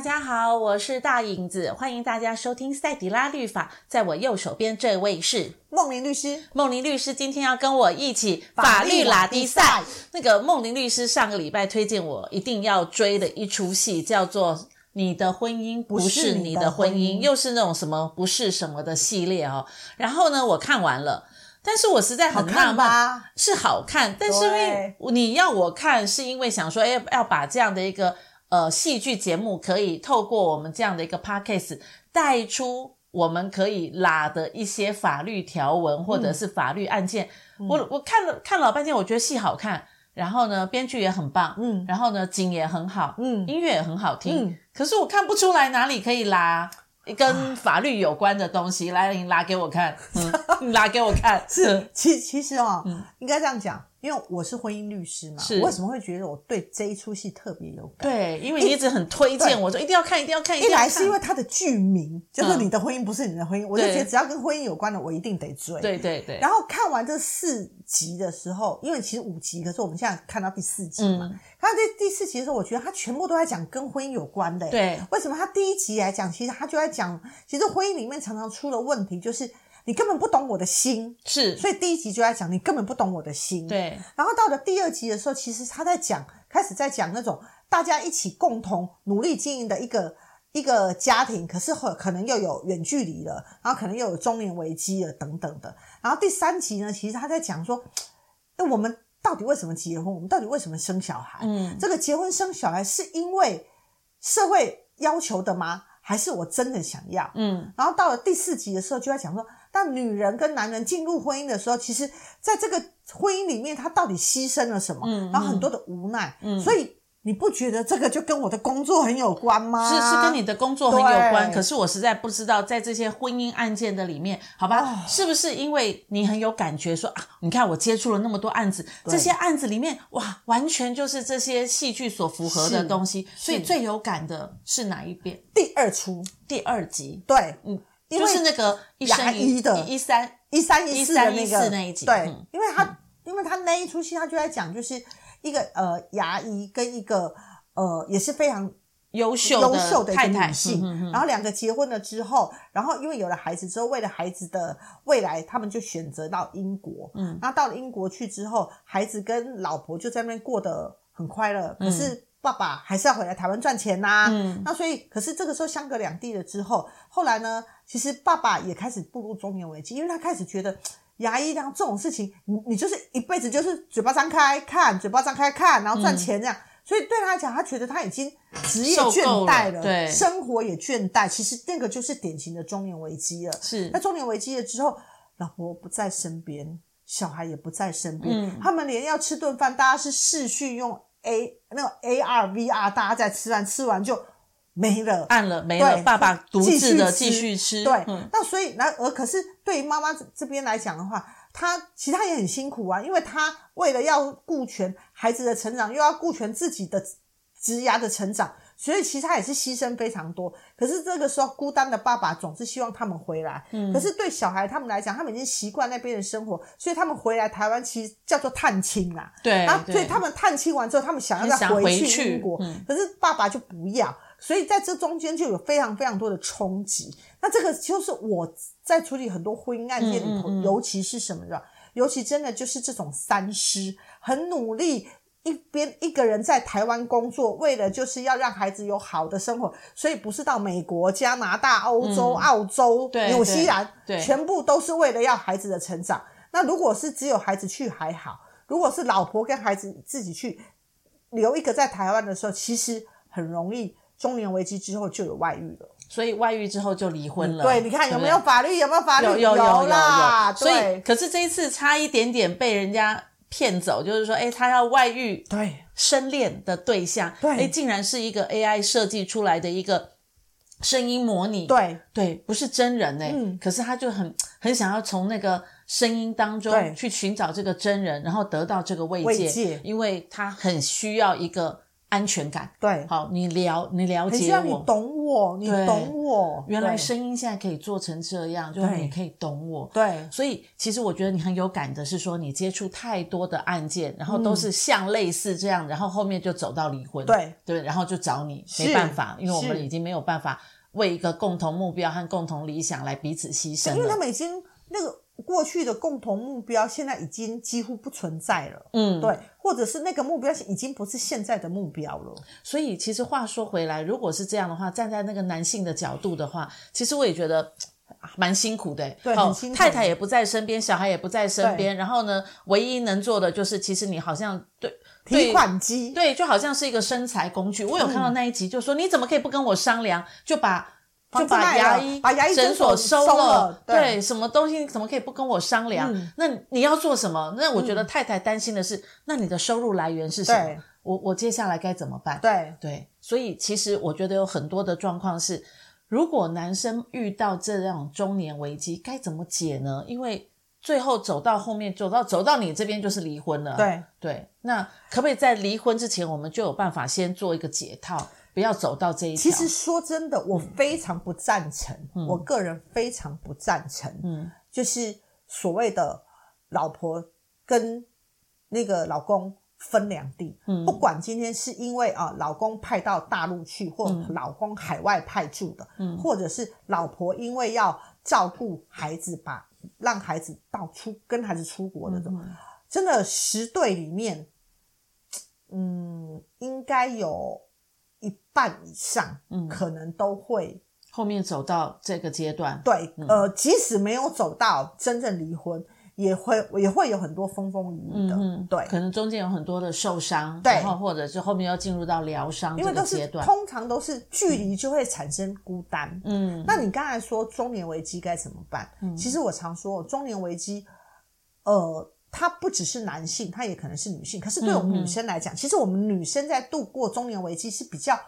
大家好，我是大影子，歡迎大家收聽《賽底拉律法》。在我右手邊這位是夢玲律師。夢玲律師今天要跟我一起法律拉力賽，賽。那個夢玲律師上個禮拜推薦我一定要追的一出戲，叫做《你的婚姻不是你的婚姻》婚姻，又是那種什麼不是什麼的系列哦。然後呢，我看完了，但是我實在很納悶，是好看，但是因為你要我看，是因為想說，哎，要把這樣的一個。呃，戲劇節目可以透過我們這樣的一個 podcast 帶出我們可以拉的一些法律條文，或者是法律案件。嗯、我我看了看了半天，我覺得戲好看，然後呢，編劇也很棒，嗯，然後呢，景也很好，嗯，音樂也很好聽。嗯、可是我看不出來哪裡可以拉跟法律有關的東西，來，你拉給我看，嗯，你拉給我看。 嗯、是，其其實哦、嗯，應該這樣講。因為我是婚姻律師嘛，是，我為什麼會覺得我對這一出戲特別有感？對，因為你一直很推薦，我說一定要看，一定要看。一來是因為它的劇名，嗯，就是你的婚姻不是你的婚姻，我就覺得只要跟婚姻有關的，我一定得追。對對對。然後看完這四集的時候，因為其實五集，可是我們現在看到第四集嘛。嗯，看到這第四集的時候，我覺得他全部都在講跟婚姻有關的。對，為什麼他第一集來講，其實他就在講，其實婚姻裡面常常出了問題，就是。你根本不懂我的心，是，所以第一集就在講你根本不懂我的心，對。然後到了第二集的時候，其實他在講，開始在講那種大家一起共同努力經營的一個一個家庭，可是可能又有遠距離了，然後可能又有中年危機了等等的。然後第三集呢，其實他在講說，那我們到底為什麼結婚？我們到底為什麼生小孩？嗯，這個結婚生小孩是因為社會要求的嗎？還是我真的想要？嗯。然後到了第四集的時候，就在講說。但女人跟男人進入婚姻的時候，其實在這個婚姻裡面，她到底犧牲了什麼？嗯，然後很多的無奈。嗯，所以你不覺得這個就跟我的工作很有關嗎？是是跟你的工作很有關。可是我實在不知道，在這些婚姻案件的裡面，好吧，哦、是不是因為你很有感覺說？說啊，你看我接觸了那麼多案子，這些案子裡面，哇，完全就是這些戲劇所符合的東西。所以最有感的是哪一邊？第二出，第二集。對，嗯。因為就是那個牙醫的，一三一三一四的那個一,一，那一集。對，嗯、因為他、嗯、因為他那一齣戲，他就在講，就是一個、嗯、呃牙醫跟一個呃也是非常優秀優秀的一個女性太太、嗯嗯嗯，然後兩個結婚了之後，然後因為有了孩子之後，為了孩子的未來，他們就選擇到英國。嗯，那到了英國去之後，孩子跟老婆就在那邊過得很快樂，嗯、可是，爸爸還是要回來台灣賺錢吶、啊。嗯，那所以，可是這個時候相隔兩地了之後，後來呢，其實爸爸也開始步入中年危機，因為他開始覺得牙醫這樣這種事情，你你就是一輩子就是嘴巴張開看，嘴巴張開看，然後賺錢這樣、嗯。所以對他來講，他覺得他已經職業倦怠了，了，對，生活也倦怠。其實那個就是典型的中年危機了。是。那中年危機了之後，老婆不在身邊，小孩也不在身邊、嗯，他們連要吃頓飯，大家是視訊用。a 那個 a r v r，大家在吃飯，吃完就沒了，按了沒了。對爸爸獨自的繼續,續吃，對。嗯、那所以，那而可是對於媽媽這邊來講的話，她其實她也很辛苦啊，因為她為了要顧全孩子的成長，又要顧全自己的職涯的成長。所以其實他也是犧牲非常多，可是這個時候孤單的爸爸總是希望他們回來。嗯、可是對小孩他們來講，他們已經習慣那邊的生活，所以他們回來台灣其實叫做探親啦。對，啊對，所以他們探親完之後，他們想要再回去英國回去，嗯，可是爸爸就不要，所以在這中間就有非常非常多的衝擊。那這個就是我在處理很多婚姻案件裡頭，嗯、尤其是什麼呢？尤其真的就是這種三失，很努力。一邊一個人在台灣工作，為了就是要讓孩子有好的生活，所以不是到美國、加拿大、歐洲、嗯、澳洲、紐西蘭，全部都是為了要孩子的成長。那如果是只有孩子去還好，如果是老婆跟孩子自己去，留一個在台灣的時候，其實很容易中年危機之後就有外遇了。所以外遇之後就離婚了。對，你看有沒有法律？有沒有法律？有有有有啦，有，有，有，有。對。所以，可是這一次差一點點被人家。騙走就是說，哎、欸，他要外遇、對，生戀的對象，對，哎、欸，竟然是一個 AI 設計出來的一個聲音模擬，對，對，不是真人、欸嗯、可是他就很很想要從那個聲音當中去尋找這個真人，然後得到這個慰藉、慰藉，因為他很需要一個，安全感，對，好，你了你了解我，要你懂我，你懂我。原來聲音現在可以做成這樣，對，就是你可以懂我。對，所以其實我覺得你很有感的是說，你接觸太多的案件，然後都是像類似這樣，嗯、然後後面就走到離婚。對對，對，然後就找你沒辦法，因為我們已經沒有辦法為一個共同目標和共同理想來彼此犧牲了。因為他們已經那個。過去的共同目標現在已經幾乎不存在了，嗯，對，或者是那個目標已經不是現在的目標了。所以其實話說回來，如果是這樣的話，站在那個男性的角度的話，其實我也覺得蠻辛苦的，對，哦，很辛苦。太太也不在身邊，小孩也不在身邊，然後呢，唯一能做的就是，其實你好像對，對，提款機，對，就好像是一個生財工具。我有看到那一集，就說，嗯，你怎麼可以不跟我商量就把。就把牙醫、把牙醫診所收了，對，對，什麼東西怎麼可以不跟我商量、嗯？那你要做什麼？那我覺得太太擔心的是、嗯，那你的收入來源是什麼？嗯、我我接下來該怎麼辦？對對，所以其實我覺得有很多的狀況是，如果男生遇到這樣中年危機，該怎麼解呢？因為最後走到後面，走到走到你這邊就是離婚了。對對，那可不可以在離婚之前，我們就有辦法先做一個解套？要走到這一，其實說真的，我非常不贊成、嗯。我個人非常不贊成、嗯，就是所謂的老婆跟那個老公分兩地、嗯。不管今天是因為啊，老公派到大陸去，或老公海外派駐的、嗯，或者是老婆因為要照顧孩子把，把讓孩子到出跟孩子出國的這種，真的十對裡面，嗯，應該有。一半以上，嗯，可能都會後面走到這個階段。對，嗯、呃，即使沒有走到真正離婚，也會也會有很多風風雨雨的、嗯。對，可能中間有很多的受傷，對，然後或者是後面要進入到療傷這個階段，因為都是。通常都是距離就會產生孤單。嗯，那你剛才說中年危機該怎麼辦？嗯，其實我常說中年危機，呃。他不只是男性，他也可能是女性。可是對我們女生來講、嗯嗯，其實我們女生在度過中年危機是比較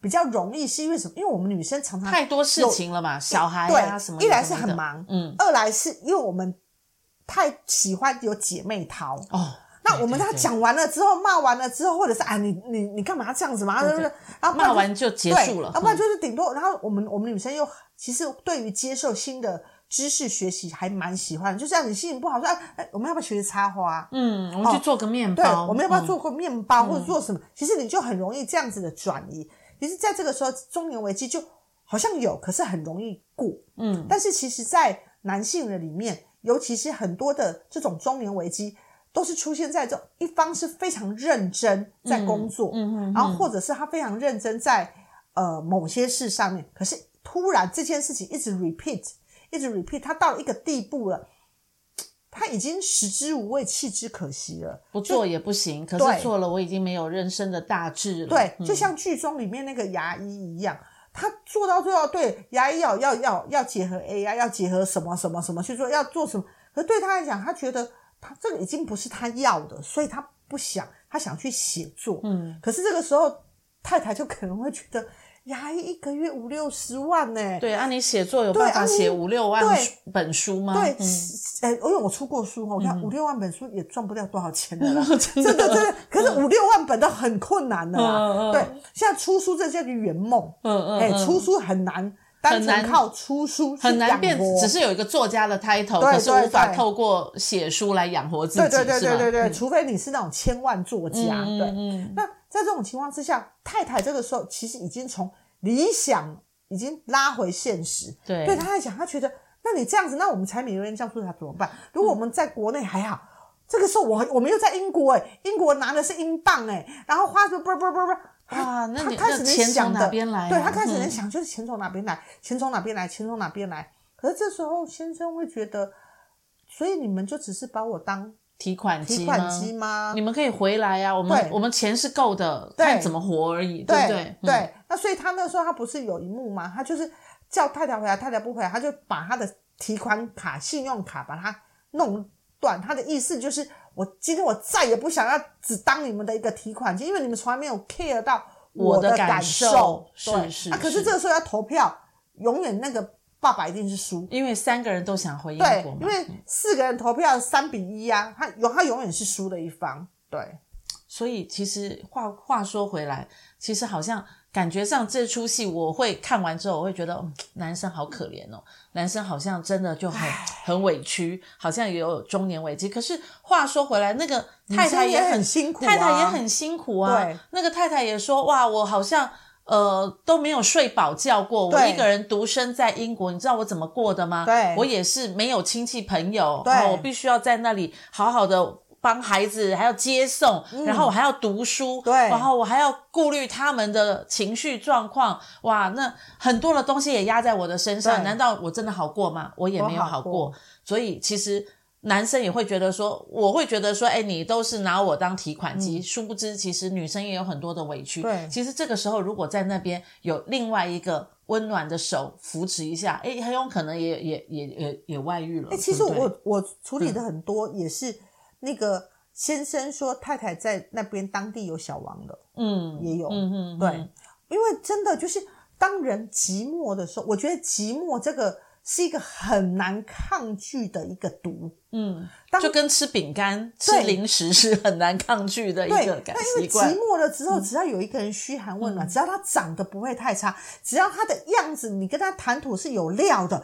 比較容易，是因為什麼？因為我們女生常常太多事情了嘛，小孩啊、對什麼一，一來是很忙，嗯，二來是因為我們太喜歡有姐妹淘哦。那我們他講完了之後，罵完了之後，或者是啊、哎，你你你幹嘛這樣子嘛？對對對，然不然後罵完就結束了，啊，然不然就是頂多、嗯，然後我們我們女生又其實對於接受新的。知識學習還蠻喜歡的，就這樣子心情不好說哎、啊欸、我們要不要學插花？嗯、哦，我們去做個麵包。對、嗯，我們要不要做個麵包或者做什麼、嗯？其實你就很容易這樣子的轉移。其實在這個時候，中年危機就好像有，可是很容易過。嗯，但是其實在男性的裡面，尤其是很多的這種中年危機，都是出現在這種一方是非常認真在工作，嗯嗯哼哼，然後或者是他非常認真在呃某些事上面，可是突然這件事情一直 repeat。一直 repeat，他到了一個地步了，他已經食之無味，棄之可惜了。不做也不行，可是做了我已經沒有人生的大志了。對，對嗯、就像劇中裡面那個牙醫一樣，他做到最後，對牙醫要要要要結合 AI，、欸、要結合什麼什麼什麼去做，要做什麼？可是對他來講，他覺得他這個已經不是他要的，所以他不想，他想去寫作。嗯，可是這個時候太太就可能會覺得。呀，一個月五六十萬呢、欸？對，啊你寫作有辦法寫五六萬本書嗎？對，哎、啊嗯欸，因為我出過書哈，我看五六萬本書也賺不了多少錢了啦、嗯、真的啦對對對，可是五六萬本都很困難的啦、嗯嗯。對，現在出書這叫去圓夢。嗯嗯。哎、欸，出書很難，很難單純靠出書很難變，只是有一個作家的 title，可是無法透過寫書來養活自己，是吧？對對對對對、嗯，除非你是那種千萬作家。對嗯。那。嗯嗯在這種情況之下，太太這個時候其實已經從理想已經拉回現實。對，對他在想他覺得，那你這樣子，那我們柴米油鹽醬醋茶怎麼辦？如果我們在國內還好、嗯，這個時候我我們又在英國、欸，哎，英國拿的是英鎊，哎，然後花着不不不不，哇、啊啊，他開始能想的，對他開始能想就是錢從哪邊來，錢從哪邊來，錢從哪邊來，來。可是這時候先生會覺得，所以你們就只是把我當。.提款機嗎，嗎？你們可以回來呀、啊，我們我們錢是夠的，看怎麼活而已，對，對不對？對、嗯，那所以他那時候他不是有一幕嗎？他就是叫太太回來，太太不回來，他就把他的提款卡、信用卡把它弄斷。他的意思就是，我今天我再也不想要只當你們的一個提款機，因為你們從來沒有 care 到我的感受。感受對，是，是。啊、可是這個時候要投票，永遠那個。爸爸一定是輸，因為三個人都想回英國嘛，對，因為四個人投票三比一啊，他永他永遠是輸的一方，對。所以其實話話說回來，其實好像感覺上這出戲，我會看完之後，我會覺得，嗯，男生好可憐哦，男生好像真的就很很委屈， 好像也有中年危機。可是話說回來，那個太太也很，也很辛苦啊，太太也很辛苦啊，對。那個太太也說，哇，我好像。呃，都沒有睡飽覺過。我一個人獨身在英國，你知道我怎麼過的嗎？對，我也是沒有親戚朋友。對，然後我必須要在那裡好好的幫孩子，還要接送，嗯，然後我還要讀書，對，然後我還要顧慮他們的情緒狀況。哇，那很多的東西也壓在我的身上。難道我真的好過嗎？我也沒有好過。好過。所以其實。男生也會覺得說，我會覺得說，哎，你都是拿我當提款機。嗯、殊不知，其實女生也有很多的委屈。對，其實這個時候，如果在那邊有另外一個溫暖的手扶持一下，哎，很有可能也也也也也外遇了。哎、欸，其實我我處理的很多、嗯、也是那個先生說太太在那邊當地有小王的，嗯，也有，嗯嗯，對，因為真的就是當人寂寞的時候，我覺得寂寞這個。是一個很難抗拒的一個毒，嗯，就跟吃餅乾、吃零食是很難抗拒的一個感覺。 那因為寂寞了之後、嗯，只要有一個人噓寒問暖、嗯，只要他長得不會太差，只要他的樣子，你跟他談吐是有料的，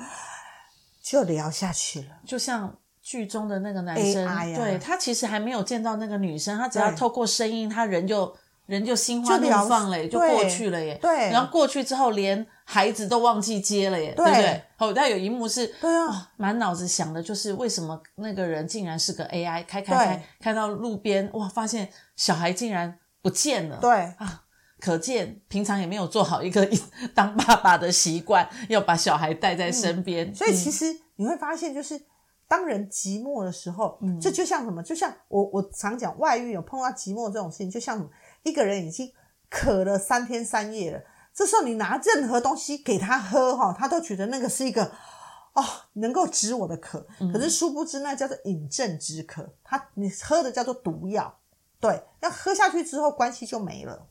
就聊下去了。就像劇中的那個男生，AI、對，他其實還沒有見到那個女生，他只要透過聲音，他人就。人就心花怒放了，就過去了耶。對，然後過去之後，連孩子都忘記接了耶，對，對不對？哦，但有一幕是，對啊，哦、滿腦子想的就是為什麼那個人竟然是個 AI，開開開，開到路邊，哇，發現小孩竟然不見了。對啊，可見平常也沒有做好一個當爸爸的習慣，要把小孩帶在身邊。嗯、所以其實你會發現，就是當人寂寞的時候、嗯，這就像什麼？就像我我常講，外遇有碰到寂寞這種事情，就像什麼？一個人已經渴了三天三夜了，這時候你拿任何東西給他喝，哈，他都覺得那個是一個，哦，能夠止我的渴。可是殊不知，那叫做飲鴆止渴。他，你喝的叫做毒藥。對，那喝下去之後，關係就沒了。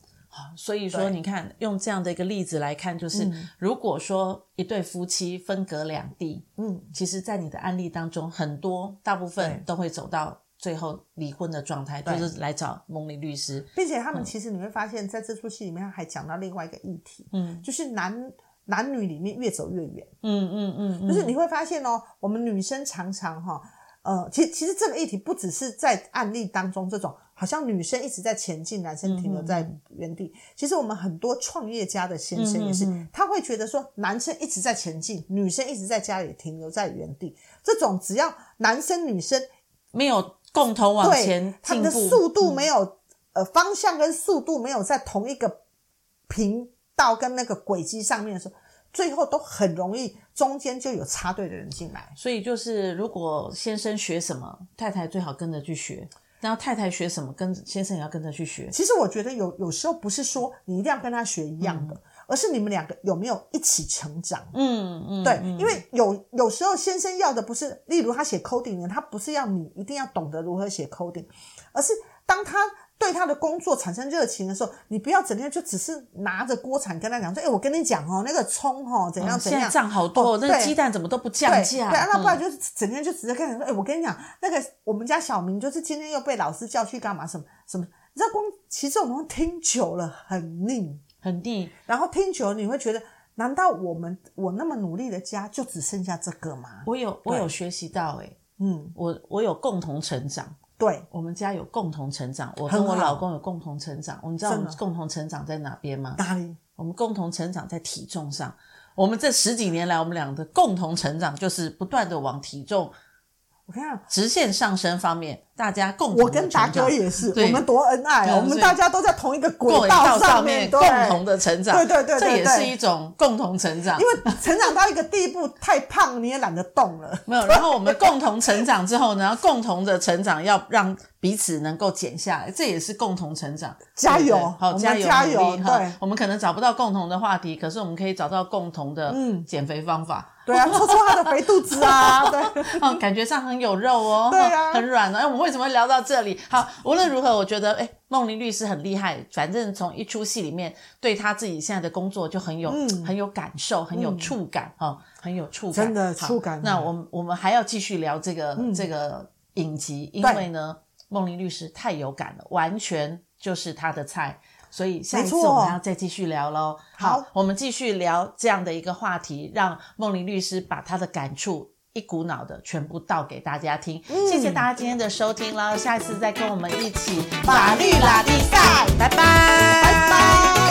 所以說，你看，用這樣的一個例子來看，就是，嗯，如果說一對夫妻分隔兩地，嗯，其實，在你的案例當中，很多大部分都會走到。最後離婚的狀態，就是來找夢裡律師，並且他們其實你會發現，在這出戲裡面還講到另外一個議題，嗯，就是男男女裡面越走越遠，嗯嗯嗯，嗯，就是你會發現哦、喔，我們女生常常哈、喔，呃，其實其實這個議題不只是在案例當中這種，好像女生一直在前進，男生停留在原地。嗯、其實我們很多創業家的先生也是，嗯嗯嗯嗯、他會覺得說，男生一直在前進，女生一直在家裡停留在原地。這種只要男生女生沒有。共同往前，他們的速度沒有，嗯、呃，方向跟速度沒有在同一個頻道跟那個軌跡上面的時候，最後都很容易中間就有插隊的人進來。所以就是，如果先生學什麼，太太最好跟着去學。然後太太學什麼，跟先生也要跟着去學。其實我覺得有有時候不是說你一定要跟他學一樣的。嗯而是你們兩個有沒有一起成長？嗯嗯，對，因為有有時候先生要的不是，例如他寫 coding 的，他不是要你一定要懂得如何寫 coding，而是當他對他的工作產生熱情的時候，你不要整天就只是拿着鍋鏟跟他講說：“哎、欸，我跟你講哦，那個蔥哈怎樣怎樣，漲、嗯、好多、哦哦，那個、雞蛋怎麼都不降價？”對，對啊嗯、那不然就是整天就直接跟他講說：“哎、欸，我跟你講，那個我們家小明就是今天又被老師叫去幹嘛什麼什麼，你知道光其實我們聽久了很膩。”很低，然後聽球你會覺得，難道我們我那麼努力的家就只剩下這個嗎？我有我有學習到哎、欸，嗯，我我有共同成長，對我們家有共同成長，我跟我老公有共同成長，你知道我們共同成長在哪邊嗎？哪裡？我們共同成長在體重上，我們這十幾年來我們倆的共同成長就是不斷的往體重，我看直線上升方面。大家共同我跟達哥也是，我們多恩愛我們大家都在同一個軌道上面對共同的成長，對對對,對對對，這也是一種共同成長。對對對對因為成長到一個地步， 太胖你也懶得動了。沒有，然後我們共同成長之後呢，然後共同的成長要讓彼此能夠減下來，這也是共同成長。加油，好、哦、加油努力對對我們可能找不到共同的話題，可是我們可以找到共同的減肥方法。嗯、對啊，搓搓他的肥肚子啊！對，嗯、 哦，感覺上很有肉哦。對啊，哦、很軟哦哎，我們會。怎麼聊到這裡？好，無論如何，我覺得哎，孟林律師很厲害。反正從一出戲裡面，對他自己現在的工作就很有、嗯、很有感受、很有觸感哈、嗯、哦，很有觸感，真的觸感的。那我們我們還要繼續聊這個、嗯、這個影集，因為呢，孟林律師太有感了，完全就是他的菜。所以下一次我們要再繼續聊嘍、哦。好，我們繼續聊這樣的一個話題，讓孟林律師把他的感觸。一股腦的全部倒給大家聽。嗯，謝謝大家今天的收聽，然後下一次再跟我們一起法律拉力賽、賽，拜拜。拜拜，拜拜。